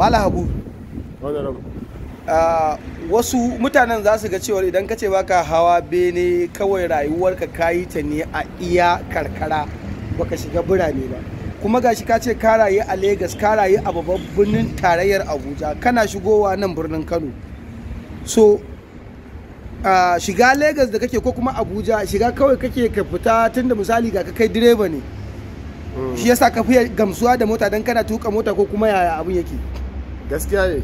Malam habu wasu mutanen za su ga cewar idan ka ce baka hawa bene kawai rayuwarka kayi ta ne a iya karkara baka shiga birane ba kuma gashi ka ce ka rayu a Legas ka rayu a babban birnin tarayyar Abuja kana shigowa nan birnin Kano so shiga Legas da kake ko kuma Abuja shiga kawai kake ka fita tunda misali ga ka kai direba ne mm. shi yasa ka fi gamsuwa da mota don kana tuka mota ko kuma yaya abun yake gaskiya ne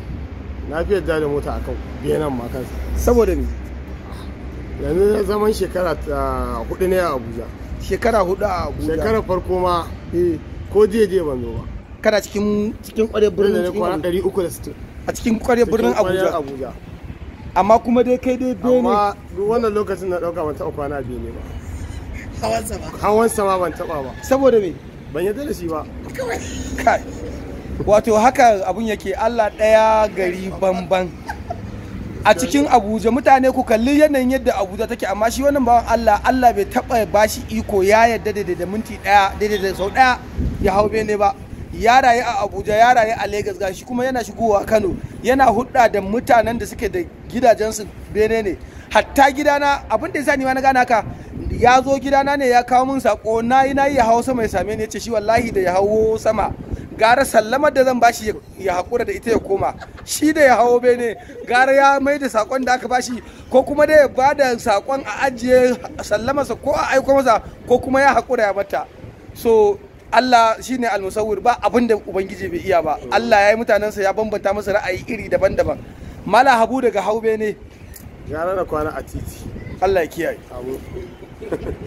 na fiye da da mota akan biyanan makar saboda ne yanzu zaman shekara ta ah, hudu ne a abuja shekara hudu a abuja shekara farko ma eh, ko je-je ban zo ba kana cikin cikin kware birnin cikin a cikin kware birnin abuja amma kuma dai kai dai bene amma wannan lokacin na dauka ban taba kwana biyu ne ba hawan sama hawan sama ban taba ba saboda me ban yadda da shi ba kai wato haka abun yake allah ɗaya gari bamban a cikin abuja mutane ku kalli yanayin yadda abuja take amma shi wannan bawan allah allah bai taɓa bashi iko ya yadda da da minti ɗaya daidai da sau ɗaya ya hau bene ba ya rayu a abuja ya rayu a lagos gashi kuma yana shigowa kano yana hudda da mutanen da suke da gidajensu bene ne hatta gidana abin da ya ma na gana ka ya zo gidana ne ya kawo min sako na yi na yi ya hau sama ya same ni ya ce shi wallahi da ya hau sama gara sallamar da zan bashi ya haƙura da ita ya koma shi da ya hawo bene gara ya mai da saƙon da aka bashi ko kuma da ya ba da saƙon a ajiye sallamarsa ko a aiko masa ko kuma ya haƙura ya mata so Allah shi ne almusawwir ba abin da ubangiji bai iya ba Allah ya yi mutanensa ya bambanta masa ra'ayi iri daban-daban mala habu daga haube ne